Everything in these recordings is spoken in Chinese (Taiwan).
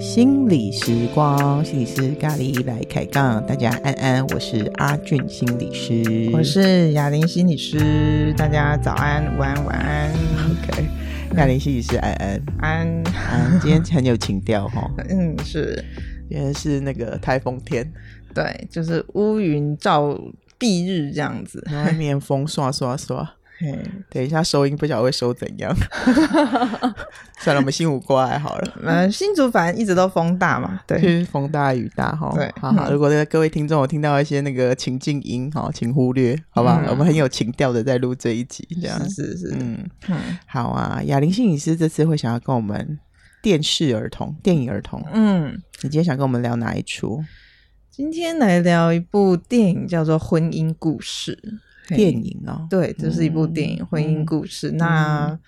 心理時光，心理師咖喱來開槓。大家安安，我是阿俊心理師，我是雅鈴心理師。大家早安、晚安、 晚安。OK，雅鈴、嗯、心理師安安安，安，今天很有情調哈。 哦、嗯，是，今天是那個台風天，對，就是烏雲罩蔽日這樣子，外面風刷刷刷，嘿，等一下收音不曉得會收怎樣。算了，我們心無罣礙好了。嗯，新竹反正一直都風大嘛，對，風大雨大哈。對，好好，如果各位聽眾有聽到一些那個情境音哈，請忽略，好不好？我們很有情調的在錄這一集，這樣子是嗯，好啊。雅鈴心理師這次會想要跟我們電視兒童、電影兒童，嗯，你今天想跟我們聊哪一出？今天來聊一部電影，叫做《婚姻故事》嘿電影哦。對，這、就是一部電影《婚姻故事》。嗯、那、嗯、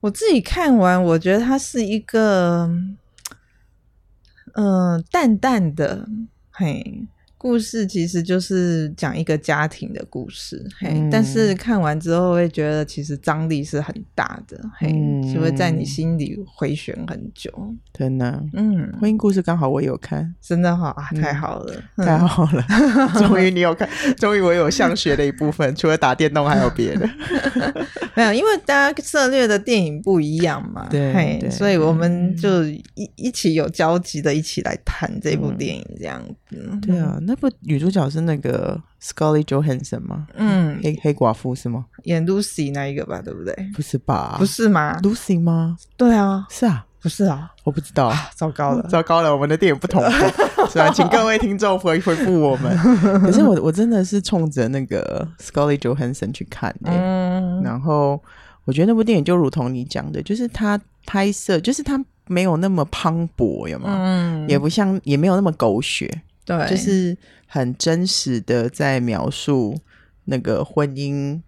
我自己看完，我覺得它是一個，嗯、呃，淡淡的嘿。故事其實就是講一個家庭的故事，嘿，但是看完之後會覺得其實張力是很大的，嘿，就會在你心裡回旋很久。真的，嗯，婚姻故事剛好我有看，真的好啊，太好了，太好了，終於你有看，終於我有向學的一部分，除了打電動還有別的。沒有，因為大家涉獵的電影不一樣嘛，對，所以我們就一一起有交集的，一起來談這部電影這樣子。對啊。那不女主角是那個 Scarlett Johansson 嗎？嗯，黑黑寡婦是嗎？演 Lucy 那一個吧，對不對？不是吧？不是嗎？Lucy 嗎？對啊，是啊，不是啊，我不知道，糟糕了，糟糕了，我們的電影不同。是啊，請各位聽眾回回復我們。可是我我真的是衝着那個 Scarlett Johansson 去看的，然後我覺得那部電影就如同你講的，就是它拍攝，就是它沒有那麼磅礴，有嗎？嗯，也不像，也沒有那麼狗血。對，就是很真實的在描述那個婚姻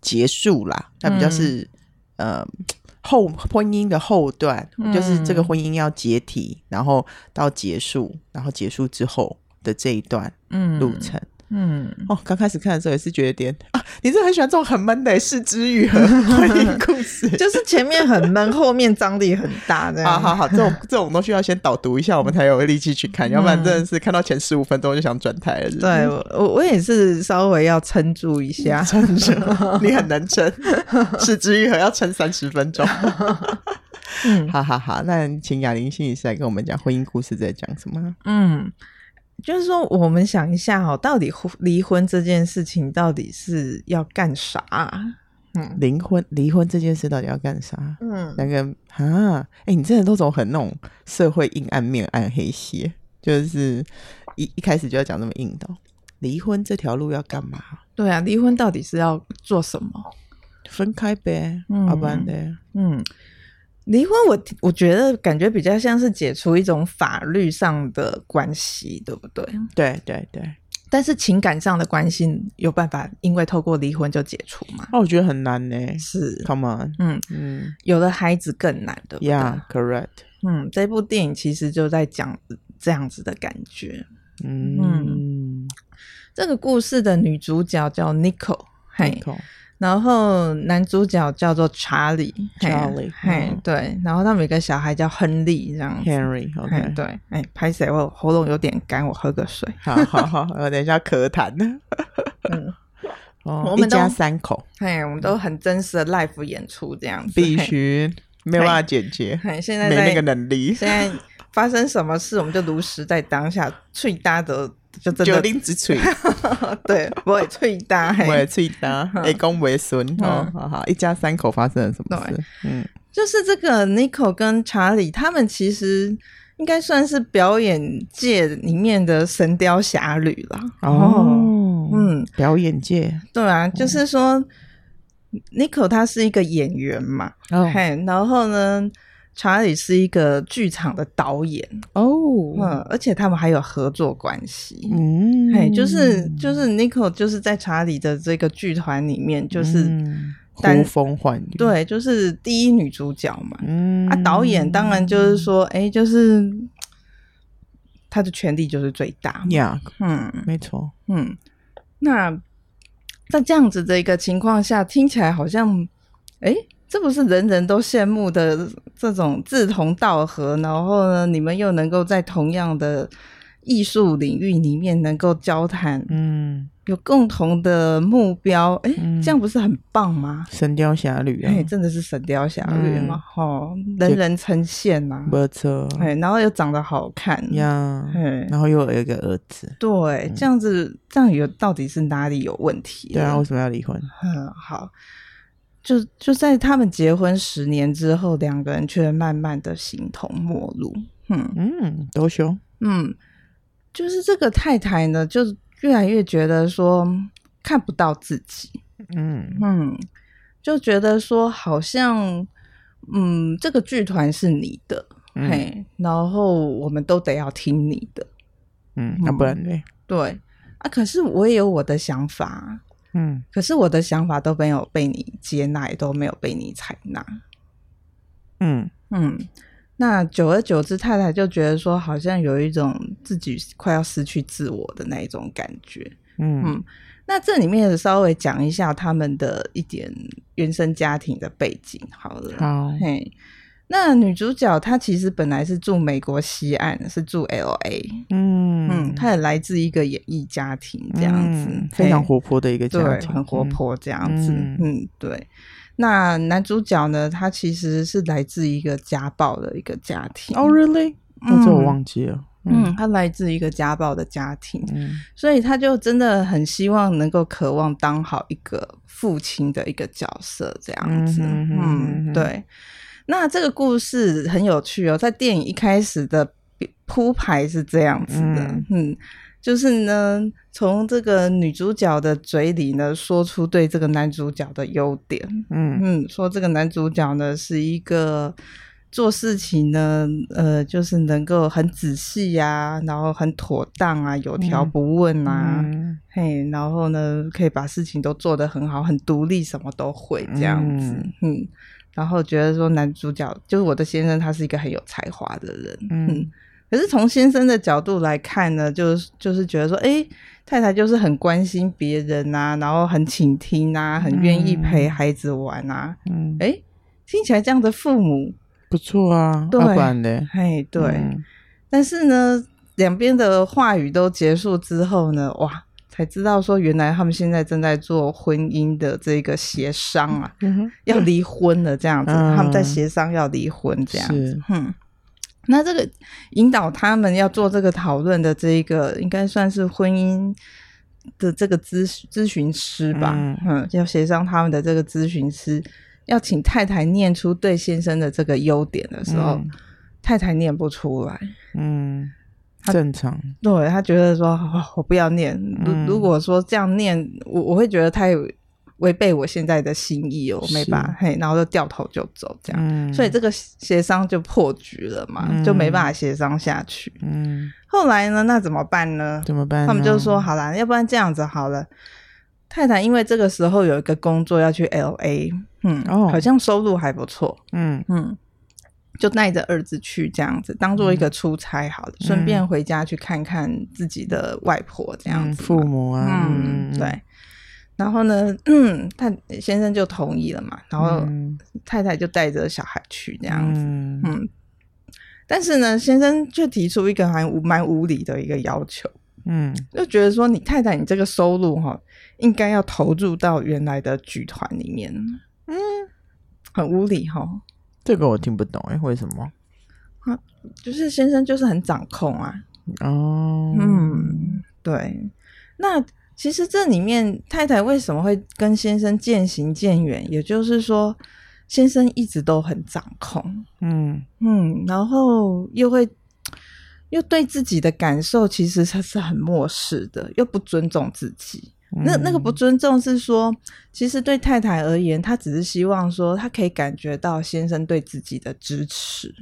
結束啦，那、嗯、比較是呃後婚姻的後段，嗯、就是這個婚姻要解體，然後到結束，然後結束之後的這一段路程。嗯嗯，哦，剛開始看的時候也是覺得有點啊，你是很喜歡這種很悶的、欸是枝裕和婚姻故事， 就是前面很悶，後面張力很大這樣。啊， 好，好好，這種這種東西要先導讀一下，我們才有力氣去看，嗯、要不然真的是看到前十五分鐘就想轉台了是不是？對，我我也是稍微要撐住一下，撐住， 你很難撐，是枝裕和要撐三十分鐘。哈哈哈！好好好，那請雅鈴心理師來跟我們講婚姻故事在講什麼？嗯。就是說，我們想一下哈，到底離婚這件事情到底是要幹啥？嗯，離婚，離婚這件事到底要幹啥？嗯，那個啊，哎、欸，你真的都走很那種社會陰暗面、暗黑系，就是一一開始就要講那麼硬的，離婚這條路要幹嘛？對啊，離婚到底是要做什麼？分開唄，要、嗯、不然呢？嗯。離婚我，我我覺得感覺比較像是解除一種法律上的關係，對不對？對對對，但是情感上的關係有辦法，因為透過離婚就解除嗎？那、哦、我覺得很難呢。是，Come on，嗯嗯，嗯有的孩子更難，對不對？correct。嗯，這部電影其實就在講這樣子的感覺。Mm. 嗯，這個故事的女主角叫 Nico, Nicole，, hey, Nicole 然後男主角叫做查理，查理，嘿，嗯、對。然後他們有個小孩叫亨利，這樣，Henry，OK，okay. 對，哎、欸，拍誰？我喉嚨有點乾，我喝個水， 好好好，我等一下咳痰呢。 嗯，哦，一家三口，嘿，我們都很真實的 live 演出這樣子，必須須嘿沒辦法剪接，現在，在沒那個能力，現在。發生什麼事，我們就如實在當下吹搭的，就真的九鼎之錘，對，不會吹搭，不會吹搭，為公為孫，好好好，一家三口發生了什麼事？嗯，就是這個 Nicole 跟查理，他們其實應該算是表演界裡面的神雕俠侶了。哦，嗯，表演界，對啊，就是說 Nicole 她是一個演員嘛，嘿，然後呢，查理是一個劇場的導演哦，oh. 嗯，而且他們還有合作關係，嗯、mm. 欸，就是就是 Nicole 就是在查理的這個劇團裡面，就是、mm. 但呼風喚雨，對，就是第一女主角嘛，嗯、mm. 啊，導演當然就是說，哎、欸，就是他的權力就是最大呀，yeah, 嗯，沒錯錯，沒錯，嗯，那在這樣子的一個情況下，聽起來好像，哎、欸。這不是人人都羨慕的這種志同道合，然後呢，你們又能夠在同樣的藝術領域裡面能夠交談，嗯，有共同的目標，哎、欸，嗯、這樣不是很棒嗎？神鵰俠侶啊，哎、欸，真的是神鵰俠侶嘛、嗯，哈、哦，人人稱羨吶，沒錯，哎、欸，然後又長得好看呀，嗯、然後又有一個兒子，對、嗯，這樣子，這樣子這樣有到底是哪裡有問題？對啊，為什麼要離婚？嗯，好。就就在他們結婚十年之後，兩個人卻慢慢的形同陌路。嗯嗯，多兇。嗯，就是這個太太呢，就越來越覺得說看不到自己。嗯嗯，就覺得說好像，嗯，這個劇團是你的，嗯、嘿，然後我們都得要聽你的。嗯，嗯，那不然呢？對啊，可是我也有我的想法。嗯，可是我的想法都沒有被你接納，也都沒有被你採納。嗯嗯，那久而久之，太太就覺得說，好像有一種自己快要失去自我的那種感覺。嗯，嗯那這裡面也稍微講一下他們的一點原生家庭的背景。好了，好，嘿那女主角她其實本來是住美國西岸，是住 LA，嗯嗯，她也來自一個演藝家庭這樣子，嗯、對、非常活潑的一個家庭，很活潑這樣子，嗯，嗯，對。那男主角呢，他其實是來自一個家暴的一個家庭，oh, really? 嗯、哦，really？那這我忘記了，嗯，他、嗯、來自一個家暴的家庭，嗯、所以他就真的很希望能夠、渴望當好一個父親的一個角色這樣子，嗯，哼哼哼嗯，對。那這個故事很有趣哦，在電影一開始的鋪排是這樣子的，嗯，嗯，就是呢，從這個女主角的嘴裡呢，說出對這個男主角的優點，嗯嗯，說這個男主角呢是一個做事情呢，呃，就是能夠很仔細啊，然後很妥當啊，有條不紊啊，嗯、嘿，然後呢可以把事情都做得很好，很獨立，什麼都會這樣子，嗯。嗯然後覺得說男主角就是我的先生，他是一個很有才華的人。嗯，嗯，可是從先生的角度來看呢，就是就是覺得說，哎、欸，太太就是很關心別人啊，然後很傾聽啊，很願意陪孩子玩啊。嗯，哎、欸，聽起來這樣的父母不錯啊，二對管的。哎，對。嗯、但是呢，兩邊的話語都結束之後呢，哇！才知道說，原來他們現在正在做婚姻的這個協商啊，嗯、哼要離婚了這樣子。嗯、他們在協商要離婚這樣子、嗯嗯，那這個引導他們要做這個討論的這一個，應該算是婚姻的這個諮諮詢師吧，嗯、嗯，要協商他們的這個諮詢師要請太太念出對先生的這個優點的時候，嗯、太太念不出來，嗯。他正常，對，他覺得說、哦，我不要念，如果說這樣念，我我會覺得太違背我現在的心意哦，沒辦法，是嘿，然後就掉頭就走，這樣，嗯、所以這個協商就破局了嘛，就沒辦法協商下去。嗯，後來呢，那怎麼辦呢？怎麼辦？他們就說，好啦，要不然這樣子好了。太太、嗯、因為這個時候有一個工作要去 L A，嗯，哦，好像收入還不錯。嗯嗯。嗯就帶着兒子去這樣子，當做一個出差好了，好的、嗯，順便回家去看看自己的外婆這樣子、嗯。父母啊，嗯，對。然後呢，嗯，他先生就同意了嘛，然後、嗯、太太就帶着小孩去這樣子，嗯,嗯。但是呢，先生卻提出一個還蠻無理的一個要求，嗯，就覺得說你太太你這個收入齁，應該要投入到原來的劇團裡面，嗯，很無理齁。這個我聽不懂哎，欸，為什麼？啊，就是先生就是很掌控啊。哦，oh. 嗯，對。那其實這裡面太太為什麼會跟先生漸行漸遠？也就是說，先生一直都很掌控，嗯、oh. 嗯，然後又會又對自己的感受其實他是很漠視的，又不尊重自己。那那個不尊重是說，其實對太太而言，她只是希望說，她可以感覺到先生對自己的支持。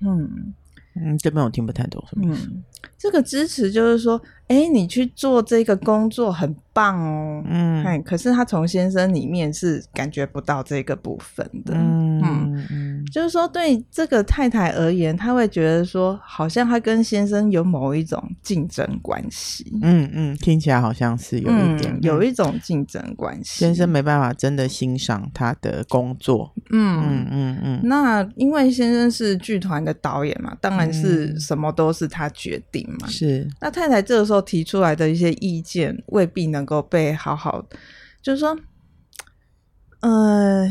嗯嗯，這邊我聽不太懂什麼意思。這個支持就是說，哎、欸，你去做這個工作很棒哦。嗯，可是她從先生裡面是感覺不到這個部分的。嗯。就是說，對這個太太而言，她會覺得說，好像她跟先生有某一種競爭關係。嗯嗯，聽起來好像是有一點，嗯嗯、有一種競爭關係。先生沒辦法真的欣賞她的工作。嗯嗯嗯嗯。嗯嗯嗯，那因為先生是劇團的導演嘛，當然是什麼都是他決定嘛。是、嗯。那太太這個時候提出來的一些意見，未必能夠被好好，就是說，哎、呃。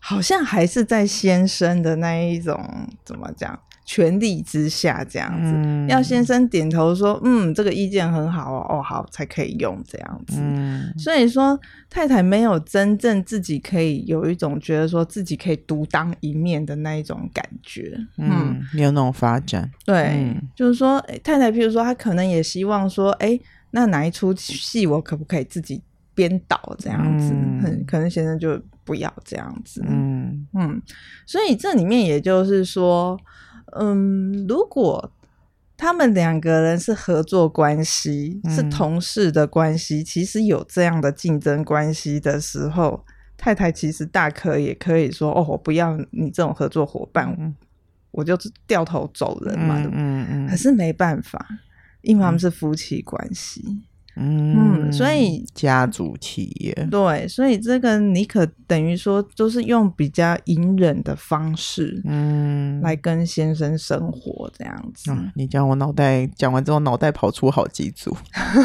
好像還是在先生的那一種怎麼講，權力之下這樣子，嗯、要先生點頭說，嗯，這個意見很好哦，哦，好才可以用這樣子。嗯、所以說太太沒有真正自己可以有一種覺得說自己可以獨當一面的那一種感覺，嗯，沒、嗯、有那種發展。對，嗯、就是說，太太，譬如說她可能也希望說，哎，那哪一出戲我可不可以自己編導這樣子？嗯、可能先生就。不要這樣子，嗯嗯，所以這裡面也就是說，嗯，如果他們兩個人是合作關係，是同事的關係，嗯、其實有這樣的競爭關係的時候，太太其實大可也可以說，哦，我不要你這種合作夥伴，嗯、我就掉頭走人嘛，嗯，嗯，嗯，可是沒辦法，因為他們是夫妻關係。嗯嗯，所以家族企業對，所以這個你可等於說就是用比較隱忍的方式，嗯，來跟先生生活這樣子。嗯，你講我腦袋講完之後，腦袋跑出好幾組，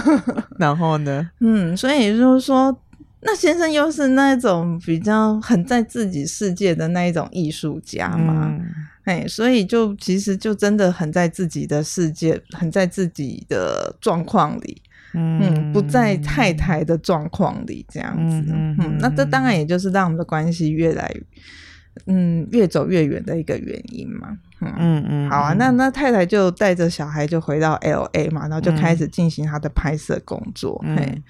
然後呢？嗯，所以就是說，那先生又是那種比較很在自己世界的那一種藝術家嘛，哎，嗯，所以就其實就真的很在自己的世界，很在自己的狀況裡。嗯，不在太太的狀況裡這樣子，嗯，那這當然也就是讓我們的關係越來，嗯，越走越遠的一個原因嘛，嗯嗯，好啊，那那太太就帶着小孩就回到 L A 嘛，然後就開始進行他的拍攝工作，哎、嗯，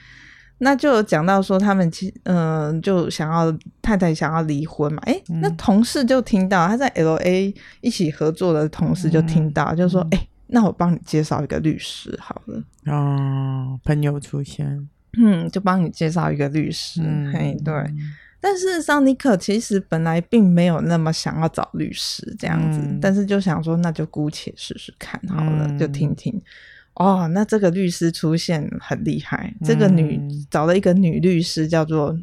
那就有講到說他們，嗯、呃，就想要太太想要離婚嘛，誒、欸、那同事就聽到他在 L A 一起合作的同事就聽到，就說，哎、欸。那我幫你介紹一個律師好了。哦，朋友出現，嗯，就幫你介紹一個律師。哎、嗯，對。但事實上，妮可其實本來並沒有那麼想要找律師這樣子，嗯、但是就想說，那就姑且試試看好了，嗯、就聽聽。哦，那這個律師出現很厲害，這個女、嗯、找了一個女律師叫做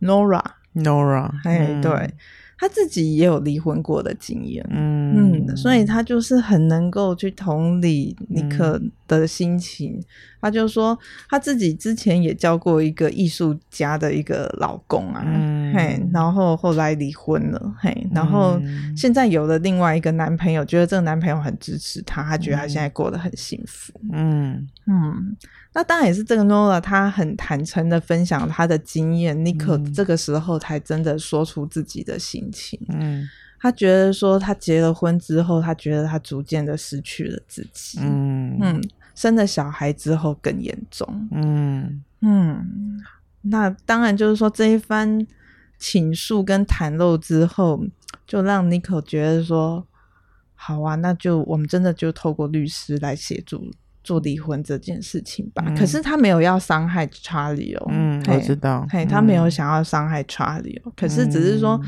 Nora，Nora。哎 Nora,、嗯，對。他自己也有離婚過的經驗，嗯，嗯，所以他就是很能夠去同理尼克的心情。嗯，他就說，他自己之前也交過一個藝術家的一個老公啊。嗯然後後來離婚了，然後現在有了另外一個男朋友，嗯、覺得這個男朋友很支持他。他覺得他現在過得很幸福。嗯嗯，那當然也是這個 Nora，她很坦誠的分享她的經驗，Nicole 這個時候才真的說出自己的心情。嗯，她覺得說她結了婚之後，她覺得她逐漸的失去了自己。嗯嗯，生了小孩之後更嚴重。嗯嗯，那當然就是說這一番。傾訴跟袒露之後，就讓 Nico 覺得說：“好啊，那就我們真的就透過律師來協助做離婚這件事情吧。嗯”可是他沒有要傷害 Charlie 哦，嗯，嘿，我知道，嘿，嗯、他沒有想要傷害 Charlie 哦，嗯、可是只是說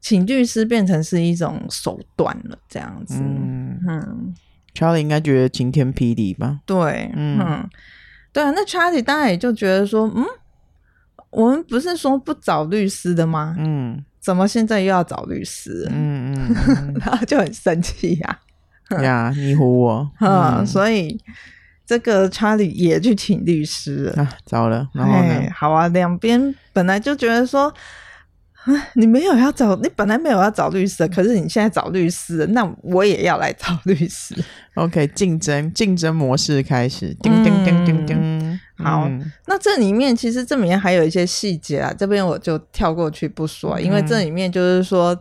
請律師變成是一種手段了，這樣子。嗯嗯，Charlie 應該覺得晴天霹靂吧？對，嗯，嗯，對啊，那 Charlie 當然也就覺得說：“嗯。”我們不是說不找律師的嗎？嗯，怎麼現在又要找律師嗯？嗯嗯， 然後就很生氣呀呀，你唬我。嗯，嗯，所以這個查理也去請律師啊，糟了。然後呢？欸、好啊，兩邊本來就覺得說你沒有要找，你本來沒有要找律師的，可是你現在找律師的，那我也要來找律師。OK，競爭競爭模式開始，叮叮叮叮叮，叮。嗯好，那這裡面其實這裡面還有一些細節啊，這邊我就跳過去不說，Okay. 因為這裡面就是說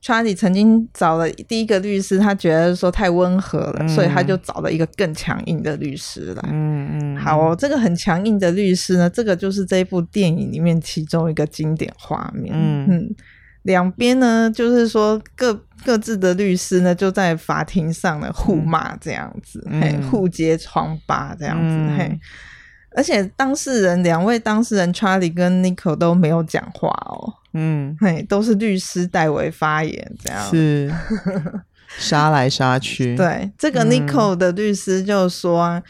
查理 a 曾經找了第一個律師，他覺得說太溫和了，嗯、所以他就找了一個更強硬的律師了、嗯。嗯嗯，好、哦，這個很強硬的律師呢，這個就是這一部電影裡面其中一個經典畫面。嗯兩邊、嗯、呢就是說各各自的律師呢就在法庭上呢互罵這樣子，嗯、嘿，互揭瘡疤這樣子，嗯、嘿。而且當事人兩位當事人查理跟妮可都沒有講話哦，嗯，嘿，都是律師代為發言，這樣是，殺來殺去。 對，這個妮可的律師就說：“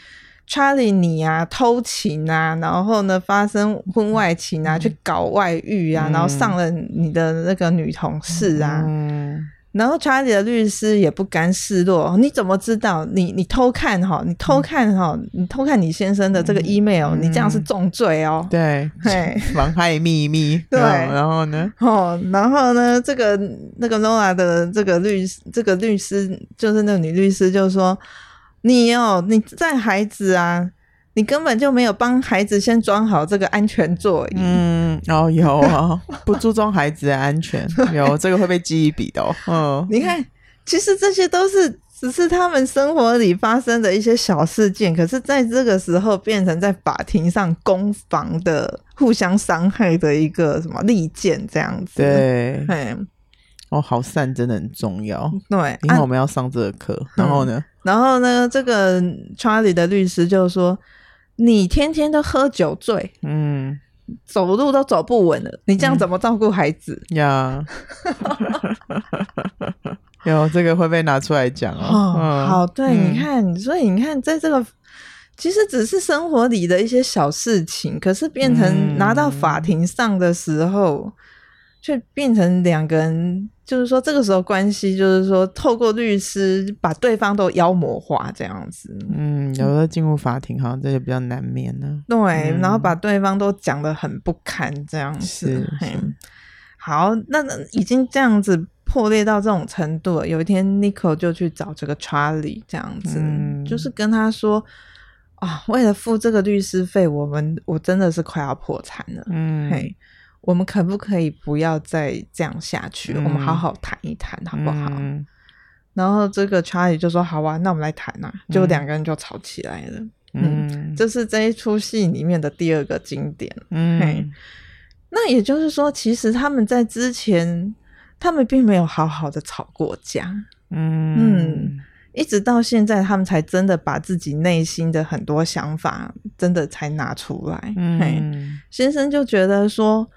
查理、嗯、你啊，偷情啊，然後呢發生婚外情啊，嗯、去搞外遇啊，然後上了你的那個女同事啊。嗯”然後查理的律師也不甘示弱。你怎麼知道？你你偷看哈，你偷看哈，你偷看你先生的這個 email，、嗯、你這樣是重罪哦、喔嗯。對，妨害嘿秘密。 對，然後，然後呢？哦，然後呢？這個那個 Nora 的這個律這個律師就是那個女律師就說，就是說你哦，你在孩子啊，你根本就沒有幫孩子先裝好這個安全座椅。嗯哦，有啊，不注重孩子的安全， 對 有這個會被記憶比的。哦、嗯。你看，其實這些都是只是他們生活裡發生的一些小事件，可是在這個時候變成在法庭上攻防的互相傷害的一個什麼利劍這樣子。對，嘿哦，好善真的很重要。對，因為我們要上這個課。啊、然後呢、嗯？然後呢？這個查理 a l 的律師就說：“你天天都喝酒醉。”嗯。走路都走不穩了，你這樣怎麼照顧孩子呀？有這個會被拿出來講哦。Oh, 嗯、好，對，嗯、你看，所以你看，在這個其實只是生活裡的一些小事情，可是變成拿到法庭上的時候。嗯卻變成兩個人，就是說這個時候關係，就是說透過律師把對方都妖魔化這樣子。嗯，有時候進入法庭好像這就比較難免了。對，嗯、然後把對方都講得很不堪這樣子。是，是。好，那已經這樣子破裂到這種程度了。有一天，Nicole 就去找這個 Charlie 這樣子，嗯、就是跟他說：“啊、哦，為了付這個律師費，我們我真的是快要破產了。”嗯。嘿。我們可不可以不要再這樣下去？嗯、我們好好談一談，好不好？嗯、然後這個 Charlie 就說：“好啊，那我們來談啊。嗯”就兩個人就吵起來了。嗯，這、嗯就是這一出戲裡面的第二個經典。嗯，那也就是說，其實他們在之前，他們並沒有好好的吵過架。嗯，嗯，一直到現在，他們才真的把自己內心的很多想法，真的才拿出來。嗯，先生就覺得說。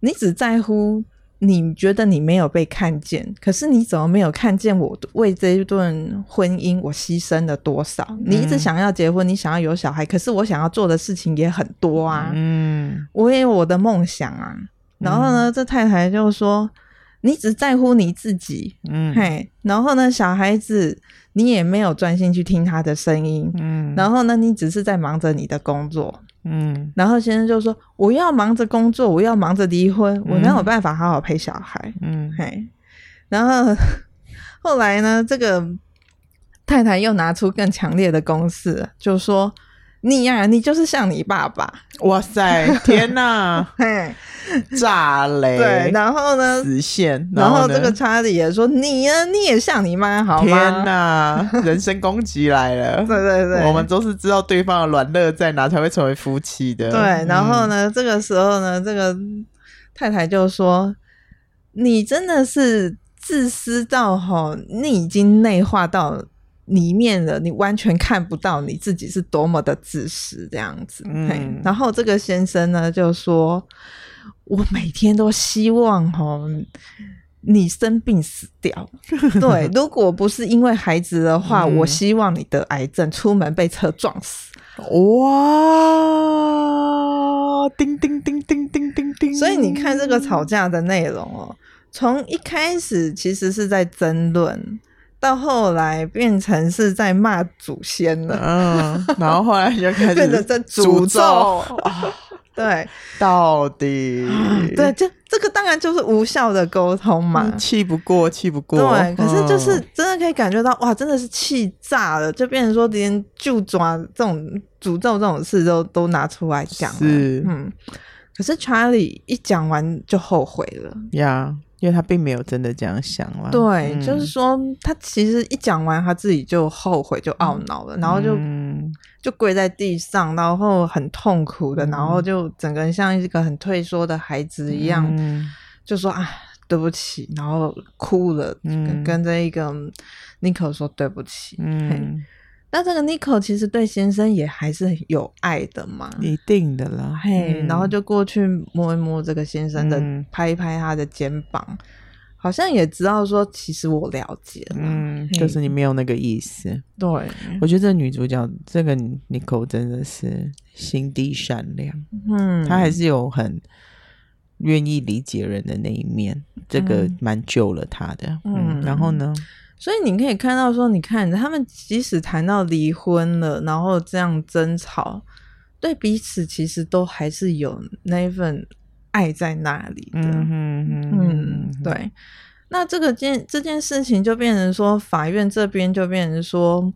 你只在乎你覺得你沒有被看見，可是你怎麼沒有看見我為這一段婚姻我犧牲了多少？嗯、你一直想要結婚，你想要有小孩，可是我想要做的事情也很多啊。嗯，我也有我的夢想啊。然後呢，嗯、這太太就說：“你只在乎你自己，嗯，嘿，然後呢，小孩子你也沒有專心去聽他的聲音，嗯，然後呢，你只是在忙着你的工作。”嗯，然後先生就說：“我要忙着工作，我要忙着離婚，嗯、我沒有辦法好好陪小孩。”嗯，嘿，然後後來呢，這個太太又拿出更強烈的攻勢，就說。你呀、啊，你就是像你爸爸。哇塞，天哪、啊！ 炸雷。對，然後呢？直線。然後，然後這個查理也說，你呀，你也像你媽。好嗎，天哪、啊！ 人身攻擊來了。 對對對，我們都是知道對方的軟肋在哪，才會成為夫妻的。對，然後呢？嗯、這個時候呢，這個太太就說：“你真的是自私到吼，你已經內化到。”裡面的你完全看不到你自己是多麼的自私這樣子。嗯，然後這個先生呢就說：“我每天都希望，哦，你生病死掉， 對，如果不是因為孩子的話，嗯，我希望你得癌症出門被車撞死。”哇，叮叮叮叮叮叮叮、叮、叮、叮！所以你看這個吵架的內容哦，從一開始其實是在爭論。到後來變成是在罵祖先了，嗯，然後後來就開始在詛咒，對，到底對，這這個當然就是無效的溝通嘛，嗯、氣不過，氣不過，對，嗯、可是就是真的可以感覺到，哇，真的是氣炸了，就變成說今天就抓這種詛咒這種事都都拿出來講，是，嗯，可是 Charlie 一講完就後悔了，呀。因為他並沒有真的這樣想嘛，對，嗯、就是說他其實一講完，他自己就後悔，就懊惱了，然後就、嗯、就跪在地上，然後很痛苦的，嗯、然後就整個人像一個很退縮的孩子一樣，嗯、就說啊對不起，然後哭了，嗯、跟跟這一個妮可說對不起。嗯那這個 Nicole 其實對先生也還是很有愛的嘛，一定的啦。Hey, 嗯、然後就過去摸一摸這個先生的，拍一拍他的肩膀，嗯、好像也知道說，其實我了解了，嗯，就是你沒有那個意思。對，我覺得這女主角，這個 Nicole 真的是心地善良，嗯，她還是有很願意理解人的那一面，這個蠻救了她的。嗯，嗯，然後呢？所以你可以看到說，你看他們即使談到離婚了，然後這樣爭吵，對彼此其實都還是有那份愛在那裡的。嗯哼嗯哼嗯，對。那這個件這件事情就變成說，法院這邊就變成說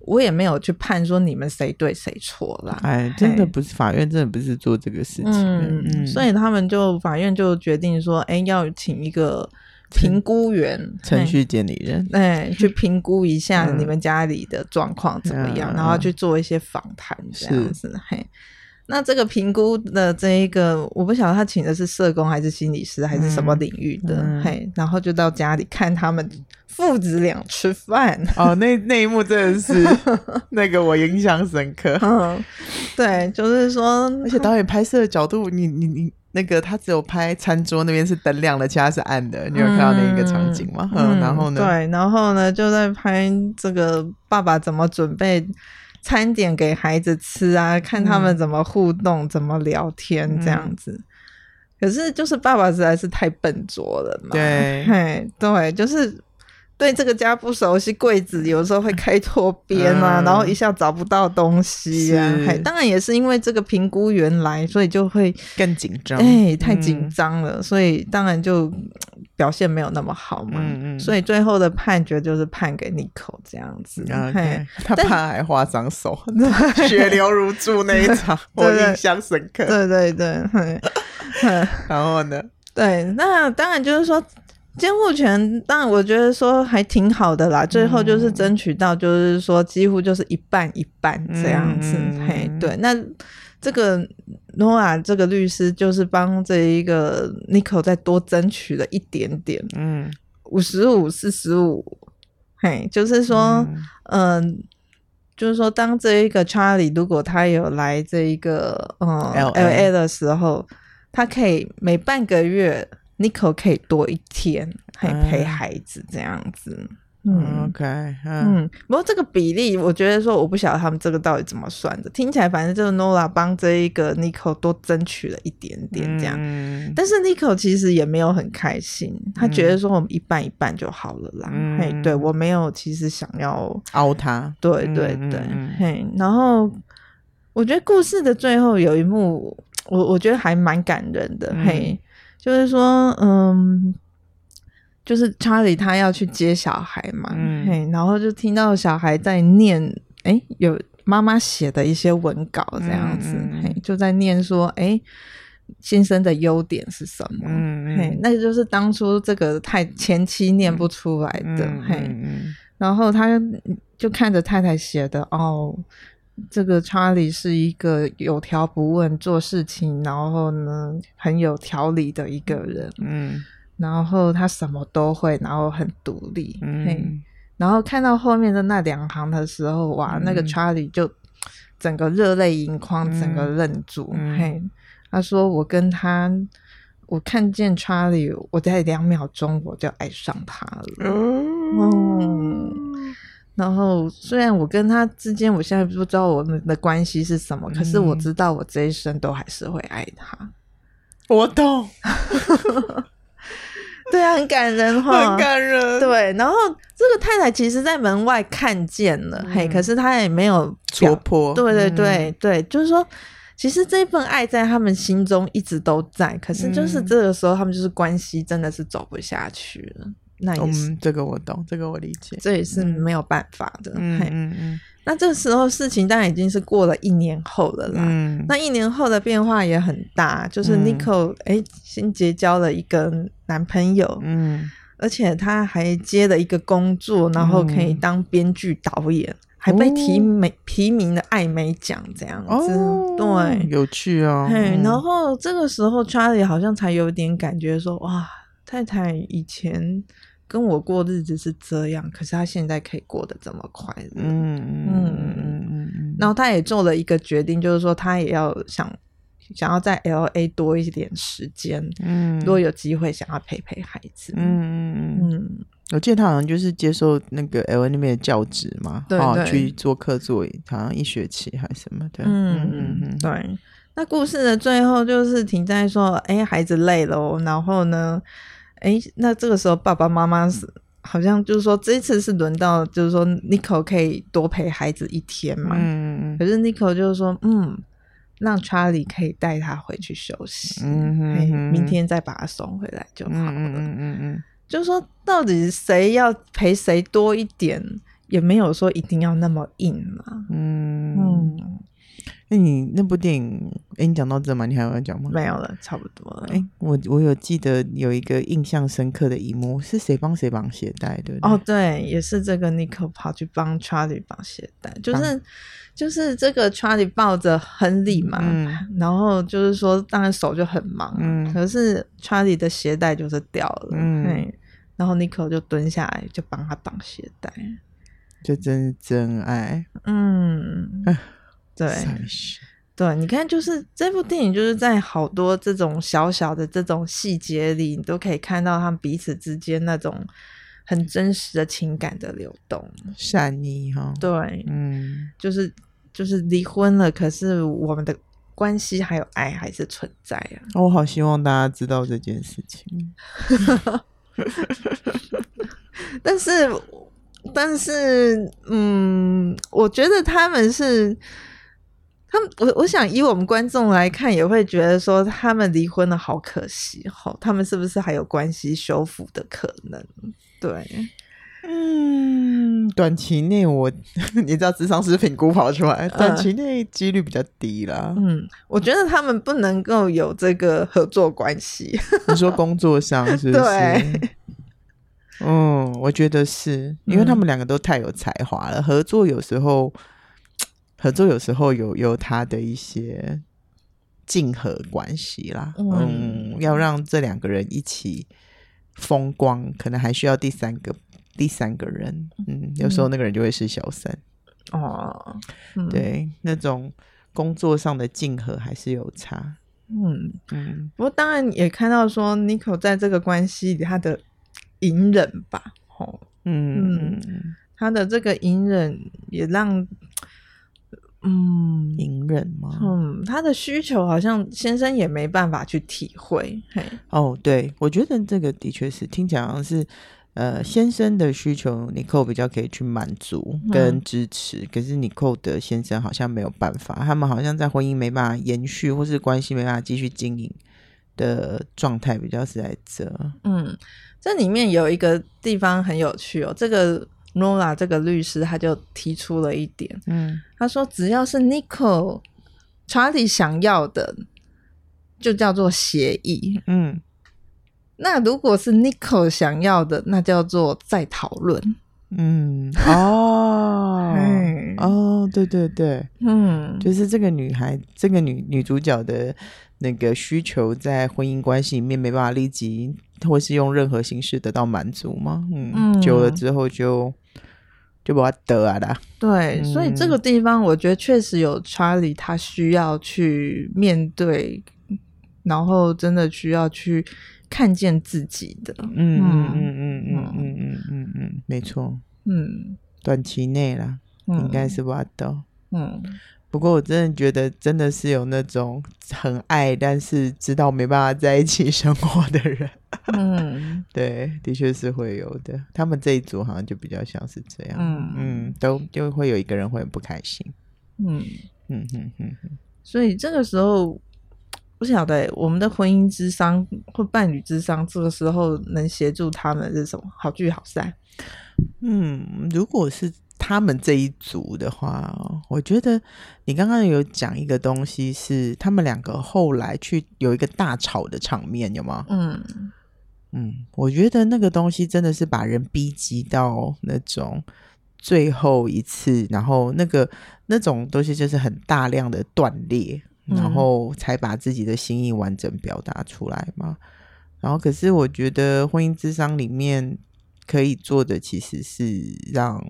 我也沒有去判說你們誰對誰錯啦。哎，真的不是法院，嘿真的不是做這個事情。嗯。嗯，所以他們就法院就決定說，哎、欸，要請一個。評估員、程序監理人，哎，去評估一下你們家裡的狀況怎麼樣，嗯嗯嗯、然後去做一些訪談，這樣子。是嘿，那這個評估的這一個，我不曉得他請的是社工還是心理師、嗯、還是什麼領域的。嗯嗯、嘿，然後就到家裡看他們父子倆吃飯。哦，那那一幕真的是那個我印象深刻。嗯、對，就是說，而且導演拍攝的角度你，你你你。你那個他只有拍餐桌那邊是燈亮的，其他是暗的。嗯、你有看到那一個場景嗎？嗯嗯、然後呢？對，然後呢？就在拍這個爸爸怎麼準備餐點給孩子吃啊，看他們怎麼互動、嗯、怎麼聊天、嗯、這樣子。可是就是爸爸實在是太笨拙了嘛。對，對，就是。對這個家不熟悉，櫃子有時候會開錯邊啊，然後一下找不到東西啊。當然也是因為這個評估員來，所以就會更緊張。哎，太緊張了，所以當然就表現沒有那麼好嘛。所以最後的判決就是判給 Nicole 這樣子。他怕還劃傷手，血流如注那一場，我印象深刻。對對對。然後呢？對，那當然就是說。監護權，但我覺得說還挺好的啦。最後就是爭取到，就是說幾乎就是一半一半這樣子。嗯、嘿，對，那這個諾瓦這個律師就是幫這一個 Nicole 再多爭取了一點點。嗯，五十五四十五。嘿，就是說，嗯、呃，就是說，當這一個 Charlie 如果他有來這一個嗯 L L LA 的時候，他可以每半個月。妮可可以多一天，還陪孩子這樣子。OK，嗯，不過這個比例，我覺得說我不曉得他們這個到底怎麼算的。聽起來反正就是 Nora 幫這一個妮可多爭取了一點點這樣，嗯、但是妮可其實也沒有很開心，他覺得說我們一半一半就好了啦。嗯、嘿，對我沒有，其實想要凹他，對對對，嗯嗯、嘿。然後我覺得故事的最後有一幕，我我覺得還蠻感人的，嗯、嘿。就是說，嗯，就是查理他要去接小孩嘛，嗯、嘿，然後就聽到小孩在念，誒、欸、有媽媽寫的一些文稿這樣子，嗯嗯、嘿，就在念說，誒、欸、先生的優點是什麼？嗯嗯、嘿，那就是當初這個太前妻念不出來的，嗯、嘿，然後他就看着太太寫的，哦。這個查理是一個有條不紊做事情，然後呢，很有條理的一個人，嗯、然後他什麼都會，然後很獨立、嗯，然後看到後面的那兩行的時候，哇，嗯、那個查理就整個熱淚盈眶，嗯、整個愣住，嗯、嘿，他說我跟他，我看見查理，我在兩秒鐘我就愛上他了，嗯哦然後，雖然我跟他之間，我現在不知道我們的關係是什麼，嗯、可是我知道我這一生都還是會愛他。我懂。 對啊，很感人、哦、很感人。對，然後這個太太其實，在門外看見了，嗯、嘿，可是她也沒有戳破。磕對對對、嗯、對，就是說，其實這份愛在他們心中一直都在，可是就是這個時候，他們就是關係真的是走不下去了。那也是，這個我懂，這個我理解，這也是沒有辦法的。嗯嗯嗯。那這時候事情當然已經是過了一年後了啦。嗯。那一年後的變化也很大，就是 Nicole 哎，新結交了一個男朋友。嗯。而且他還接了一個工作，然後可以當編劇導演，還被提美提名了艾美獎這樣子。哦。對，有趣啊。嘿。然後這個時候，Charlie 好像才有點感覺說：“哇，太太以前。”跟我過日子是這樣，可是他現在可以過得這麼快，嗯嗯嗯嗯，然後他也做了一個決定，就是說他也要想想要在 L A 多一點時間，嗯、如果有機會想要陪陪孩子，嗯嗯嗯。嗯，我記得他好像就是接受那個 L A 那邊的教職嘛，對，對對，哦、去做客座，好像一學期還是什麼，對，嗯嗯嗯，嗯哼對。那故事的最後就是停在說，哎、欸，孩子累了，哦，然後呢？哎、欸，那這個時候爸爸媽媽是好像就是說，這一次是輪到就是說，妮可可以多陪孩子一天嘛。嗯，可是妮可就是說，嗯，讓查理可以帶他回去休息，嗯嗯、欸、明天再把他送回來就好了。嗯哼嗯哼，就說到底誰要陪誰多一點，也沒有說一定要那麼硬嘛。嗯。那、欸、你那部電影，哎、欸，你講到這嘛，你還有要講嗎？沒有了，差不多了。哎、欸，我我有記得有一個印象深刻的一幕，是誰幫誰綁鞋帶對，對。哦，對，也是這個妮可跑去幫查理綁鞋帶，就是綁就是這個查理抱着亨利嘛，嗯、然後就是說當然手就很忙，嗯，可是查理的鞋帶就是掉了，嗯，然後妮可就蹲下來就幫他綁鞋帶，這真是真愛，嗯。對，十對，你看，就是這部電影，就是在好多這種小小的這種細節裡，你都可以看到他們彼此之間那種很真實的情感的流動。善意哈、哦。對，嗯，就是就是離婚了，可是我們的關係還有愛還是存在啊。我好希望大家知道這件事情。 但是，但是，嗯，我覺得他們是。我我想以我們觀眾來看，也會覺得說他們離婚了好可惜，好、哦，他們是不是還有關係修復的可能？對，嗯，短期內我呵呵你知道諮商師評估跑出來，嗯、短期內幾率比較低啦。嗯，我覺得他們不能夠有這個合作關係。你說工作上是不是？對嗯，我覺得是因為他們兩個都太有才華了，嗯、合作有時候。合作有時候有有他的一些競合關係啦，嗯，嗯，要讓這兩個人一起風光，可能還需要第三個第三個人，嗯，有時候那個人就會是小三、嗯、哦、嗯、對，那種工作上的競合還是有差，嗯嗯，不過當然也看到說，Nico 在這個關係裡他的隱忍吧，哦，嗯，他、嗯、的這個隱忍也讓。嗯，隱忍嗎？嗯，他的需求好像先生也沒辦法去體會。嘿、哦，對，我覺得這個的確是，聽起來好像是，呃，先生的需求，妮可比較可以去滿足跟支持，嗯，可是妮可的先生好像沒有辦法，他們好像在婚姻沒辦法延續，或是關係沒辦法繼續經營的狀態比較是在這。嗯，這裡面有一個地方很有趣哦，這個。Nora 這個律師，他就提出了一點，嗯，他說只要是 Nicole、Charlie 想要的，就叫做協議，嗯，那如果是 Nicole 想要的，那叫做再討論，嗯，哦，哦，對對對，嗯，就是這個女孩，這個女女主角的那個需求，在婚姻關係裡面沒辦法立即或是用任何形式得到滿足嗎？嗯，嗯久了之後就。就不得了啦，對，所以這個地方我覺得確實有查理他需要去面對，然後真的需要去看見自己的，嗯嗯嗯嗯嗯嗯嗯嗯嗯，沒錯，嗯，短期內啦，應該是不得，嗯。不過我真的覺得真的是有那種很愛，但是知道沒辦法在一起生活的人，嗯， 對，的確是會有的。他們這一組好像就比較像是這樣，嗯嗯，都就會有一個人會不開心，嗯嗯嗯嗯。嗯哼哼哼，所以這個時候，不曉得我們的婚姻諮商或伴侶諮商，這個時候能協助他們是什麼好聚好散？嗯，如果是。他們這一組的話，我覺得你剛剛有講一個東西是，是他們兩個後來去有一個大吵的場面，有嗎？嗯嗯，我覺得那個東西真的是把人逼急到那種最後一次，然後那個那種東西就是很大量的斷裂，然後才把自己的心意完整表達出來嘛。然後可是我覺得婚姻諮商裡面可以做的其實是讓。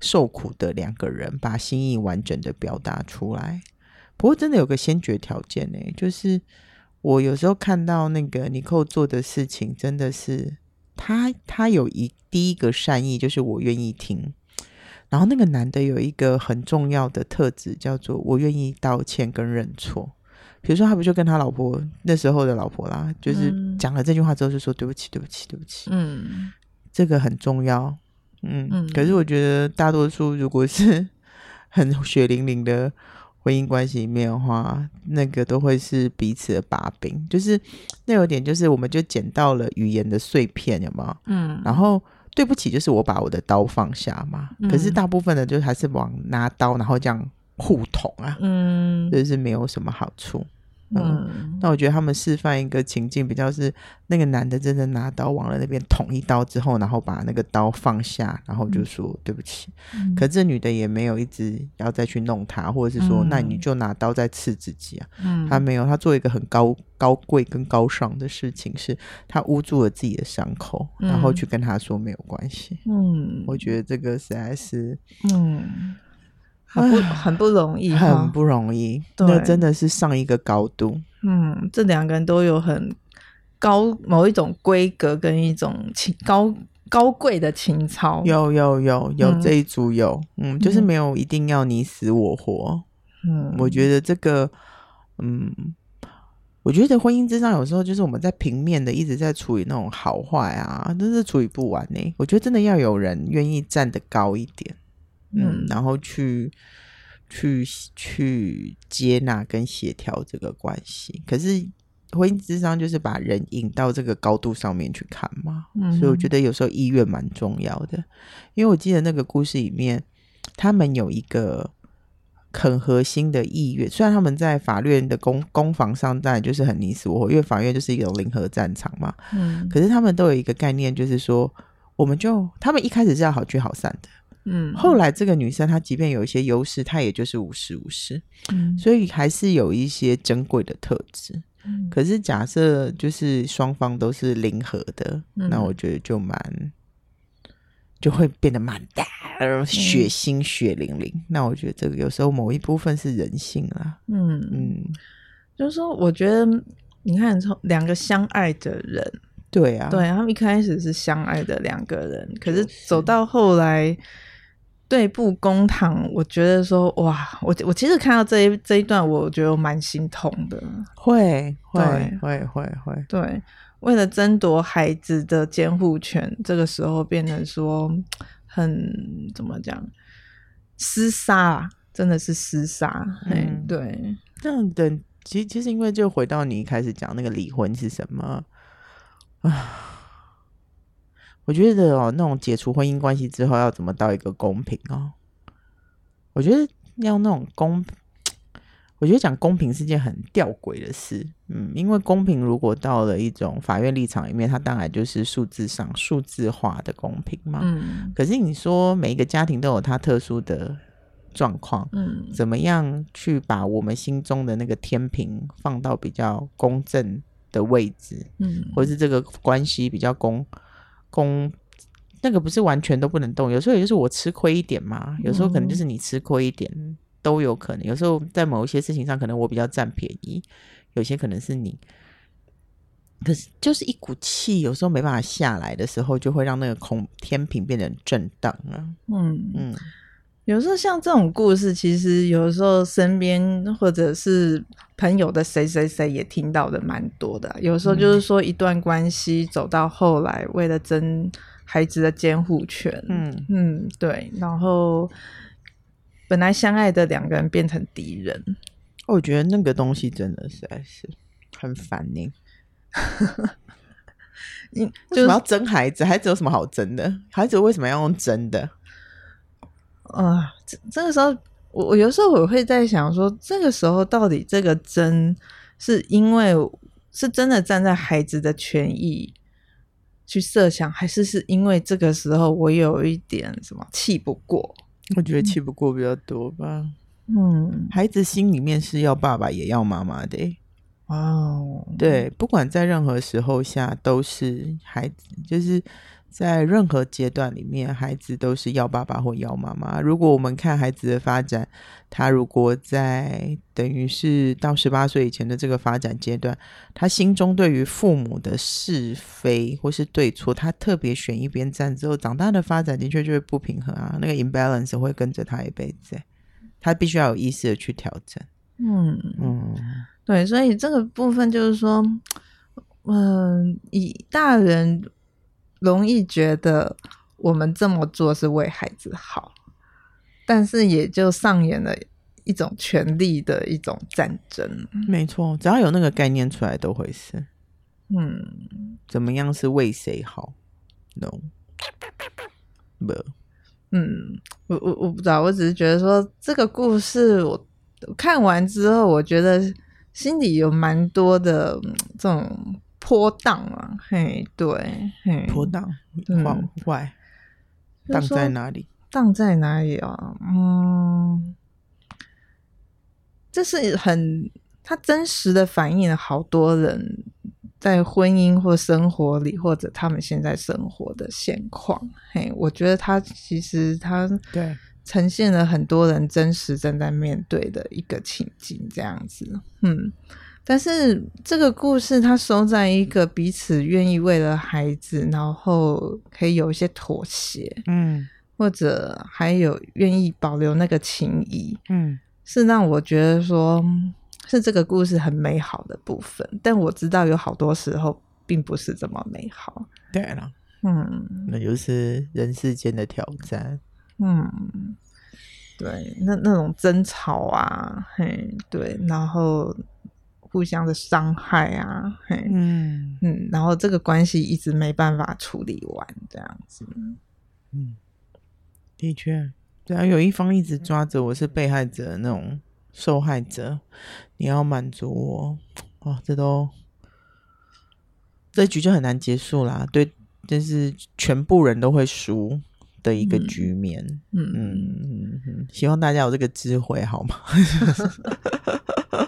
受苦的兩個人把心意完整的表達出來，不過真的有個先決條件呢、欸，就是我有時候看到那個妮可做的事情，真的是他他有一第一個善意，就是我願意聽，然後那個男的有一個很重要的特質，叫做我願意道歉跟認錯。比如說他不就跟他老婆那時候的老婆啦，就是講了這句話之後就說、嗯、對不起，對不起，對不起，嗯，這個很重要。嗯，嗯，可是我覺得大多數如果是很血淋淋的婚姻關係裡面的話，那個都會是彼此的把柄，就是那有點就是我們就撿到了語言的碎片了嘛。嗯，然後對不起，就是我把我的刀放下嘛。嗯，可是大部分的就還是往拿刀，然後這樣互捅啊。嗯，就是沒有什麼好處。嗯，那、嗯、我覺得他們示範一個情境，比較是那個男的真的拿刀往了那邊捅一刀之後，然後把那個刀放下，然後就說對不起。嗯嗯、可這女的也沒有一直要再去弄他，或者是說、嗯、那你就拿刀再刺自己啊？嗯嗯、他沒有，他做一個很高高貴跟高尚的事情，是他捂住了自己的傷口，嗯、然後去跟他說沒有關係。嗯，我覺得這個實在是嗯。很、啊、不很不容易，很不容易，對，那真的是上一個高度。嗯，這兩個人都有很高某一種規格跟一種情高高貴的情操。有有有有這一組有，嗯、嗯，就是沒有一定要你死我活。嗯，我覺得這個，嗯，我覺得婚姻之上，有時候就是我們在平面的一直在處理那種好壞啊，真是處理不完呢、欸。我覺得真的要有人願意站得高一點。嗯，然後去去去接納跟協調這個關係。可是婚姻諮商就是把人引到這個高度上面去看嘛，嗯、哼所以我覺得有時候意願蠻重要的。因為我記得那個故事裡面，他們有一個很核心的意願，雖然他們在法院的攻攻防上，但就是很你死我活，因為法院就是一種零和戰場嘛。嗯、可是他們都有一個概念，就是說，我們就他們一開始是要好聚好散的。後來這個女生她即便有一些優勢，她也就是無時無事，嗯、所以還是有一些珍貴的特質。嗯、可是假設就是雙方都是零和的，嗯、那我覺得就蠻就會變得蠻大，血腥血淋淋。嗯、那我覺得這個有時候某一部分是人性啦。嗯嗯，嗯就是說，我覺得你看從兩個相愛的人，對啊，對他們一開始是相愛的兩個人，就是、可是走到後來。對簿公堂，我覺得說哇，我我其實看到這一這一段，我覺得我蠻心痛的。會會會會會，對，為了爭奪孩子的監護權，這個時候變得說很怎麼講，廝殺，真的是廝殺。嗯、欸，對。那等其實其實因為就回到你一開始講那個離婚是什麼啊。我覺得哦，那種解除婚姻關係之後要怎麼到一個公平哦？我覺得要那種公，我覺得講公平是件很弔詭的事，嗯，因為公平如果到了一種法院立場裡面，它當然就是數字上數字化的公平嘛，嗯。可是你說每一個家庭都有它特殊的狀況，嗯，怎麼樣去把我們心中的那個天平放到比較公正的位置，嗯，或是這個關係比較公。公，那個不是完全都不能動。有時候也就是我吃虧一點嘛，有時候可能就是你吃虧一點、嗯、都有可能。有時候在某一些事情上，可能我比較占便宜，有些可能是你。可是就是一股氣，有時候沒辦法下來的時候，就會讓那個空天平變得震盪啊。嗯嗯。嗯有時候像這種故事，其實有時候身邊或者是朋友的誰誰誰也聽到的蠻多的。有的時候就是說一段關係走到後來，為了爭孩子的監護權，嗯嗯，對。然後本來相愛的兩個人變成敵人，我覺得那個東西真的是還是很煩、欸、 你。你就是為什麼要爭孩子？孩子有什麼好爭的？孩子為什麼要用爭的？啊這，這個時候，我，我有時候我會在想說，說這個時候到底這個真是因為是真的站在孩子的權益去設想，還是是因為這個時候我有一點什麼氣不過？我覺得氣不過比較多吧。嗯，孩子心裡面是要爸爸也要媽媽的。哇哦，對，不管在任何時候下都是孩子，就是。在任何階段裡面，孩子都是要爸爸或要媽媽。如果我們看孩子的發展，他如果在等於是到十八歲以前的這個發展階段，他心中對於父母的是非或是對錯，他特別選一邊站之後，長大的發展的確就會不平衡啊。那個 imbalance 會跟着他一輩子，欸，他必須要有意識的去調整。嗯嗯，嗯對，所以這個部分就是說，嗯、呃，以大人。容易覺得我們這麼做是為孩子好，但是也就上演了一種權力的一種戰爭。沒錯，只要有那個概念出來都，都會是。嗯，怎麼樣是為誰好？No，嗯，我我我不知道，我只是覺得說這個故事我看完之後，我覺得心裡有蠻多的這種。波蕩啊，嘿，對，嘿，波蕩，對往外，嗯，蕩在哪裡？蕩在哪裡啊？嗯，這是很他真實的反映了好多人在婚姻或生活裡，或者他們現在生活的現況。嘿，我覺得他其實他對呈現了很多人真實正在面對的一個情境，這樣子，嗯。但是這個故事，它收在一個彼此願意為了孩子，然後可以有一些妥協，嗯，或者還有願意保留那個情誼，嗯，是讓我覺得說，是這個故事很美好的部分。但我知道有好多時候並不是這麼美好。對了，啊，嗯，那就是人世間的挑戰，嗯，對，那那種爭吵啊，嘿，對，然後。互相的傷害啊，嘿嗯嗯，然後這個關係一直沒辦法處理完，這樣子，嗯、的確，對啊，有一方一直抓着我是被害者那種受害者，嗯、你要滿足我，哦，這都這一局就很難結束啦，對，這、就是全部人都會輸的一個局面，嗯嗯，嗯，嗯，嗯，希望大家有這個智慧好嗎？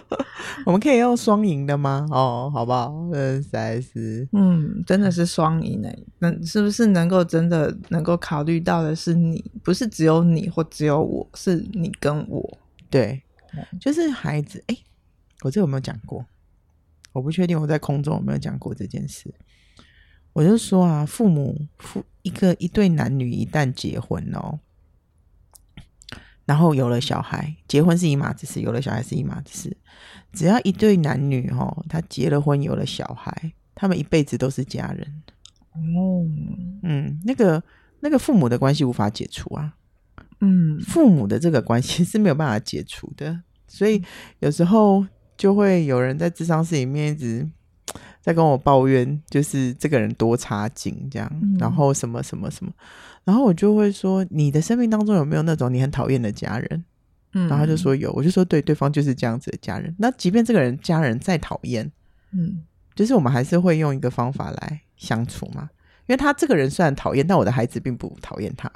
我們可以用雙贏的嗎？哦，好不好？嗯，實在是，嗯，真的是雙贏誒。那是不是能夠真的能夠考慮到的是你，不是只有你或只有我，是你跟我，對，就是孩子。哎，我這有沒有講過？我不確定我在空中有沒有講過這件事。我就說啊，父母父一個一對男女一旦結婚哦。然後有了小孩，結婚是一碼子事，有了小孩是一碼子事。只要一對男女，哦，他結了婚，有了小孩，他們一輩子都是家人。哦，嗯，那個那個父母的關係無法解除啊。嗯，父母的這個關係是沒有辦法解除的，所以有時候就會有人在諮商室裡面一直在跟我抱怨，就是這個人多差勁這樣，嗯、然後什麼什麼什麼。然後我就會說，你的生命當中有沒有那種你很討厭的家人？嗯，然後他就說有，我就說對，對方就是這樣子的家人。那即便這個人家人再討厭，嗯，就是我們還是會用一個方法來相處嘛。因為他這個人雖然討厭，但我的孩子並不討厭他，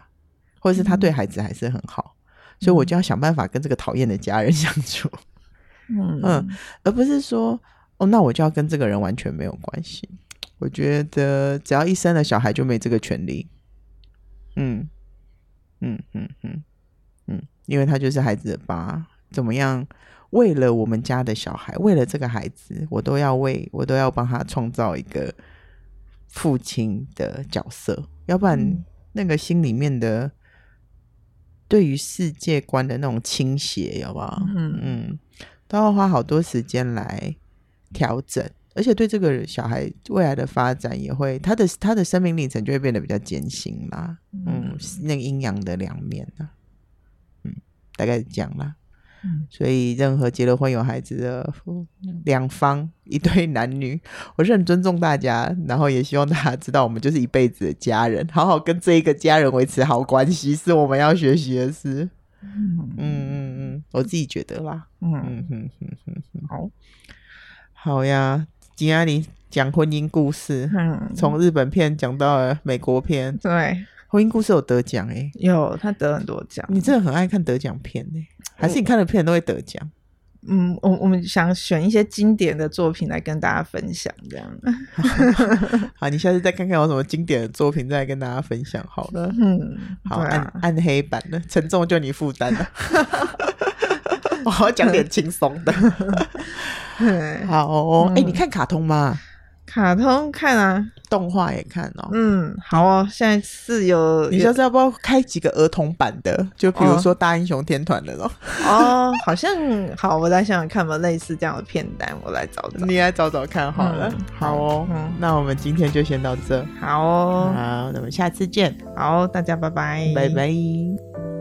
或者是他對孩子還是很好，嗯，所以我就要想辦法跟這個討厭的家人相處，嗯嗯，而不是說，哦，那我就要跟這個人完全沒有關係。我覺得只要一生了小孩，就沒這個權利。嗯嗯嗯嗯嗯，因為他就是孩子的爸，怎麼樣？為了我們家的小孩，為了這個孩子，我都要為我都要幫他創造一個父親的角色，嗯、要不然那個心裡面的對於世界觀的那種傾斜，要不然嗯嗯，都要花好多時間來調整。而且對這個小孩未來的發展也會，他的他的生命歷程就會變得比較艱辛啦。嗯，嗯，那個陰陽的兩面啊，嗯，大概是這樣啦。嗯，所以任何結了婚有孩子的兩方一對男女，我是很尊重大家，然後也希望大家知道，我們就是一輩子的家人，好好跟這一個家人維持好關係，是我們要學習的事。嗯嗯嗯，我自己覺得啦。嗯嗯嗯嗯，嗯好 好呀。吉安，今天你講婚姻故事，從、嗯、日本片講到了美國片。對，婚姻故事有得獎哎、欸，有，他得很多獎。你真的很愛看得獎片呢、欸？還是你看的片都會得獎？嗯，我我們想選一些經典的作品來跟大家分享，這樣。 好，你下次再看看有什麼經典的作品，再跟大家分享好了。嗯，好、啊暗，暗黑版的沉重就你負擔了。 我好講點輕鬆的。 好哦，哎、嗯，欸、你看卡通嗎？卡通看啊，動畫也看哦。嗯，好哦，現在是有，你下次要不要開幾個兒童版的，就比如說大英雄天團的咯、哦。哦，好像 好，我再想想看吧。類似這樣的片單，我來找找。你來找找看好了。嗯、好哦，嗯、那我們今天就先到這。好哦，好，那我們下次見。好，大家拜拜，拜拜。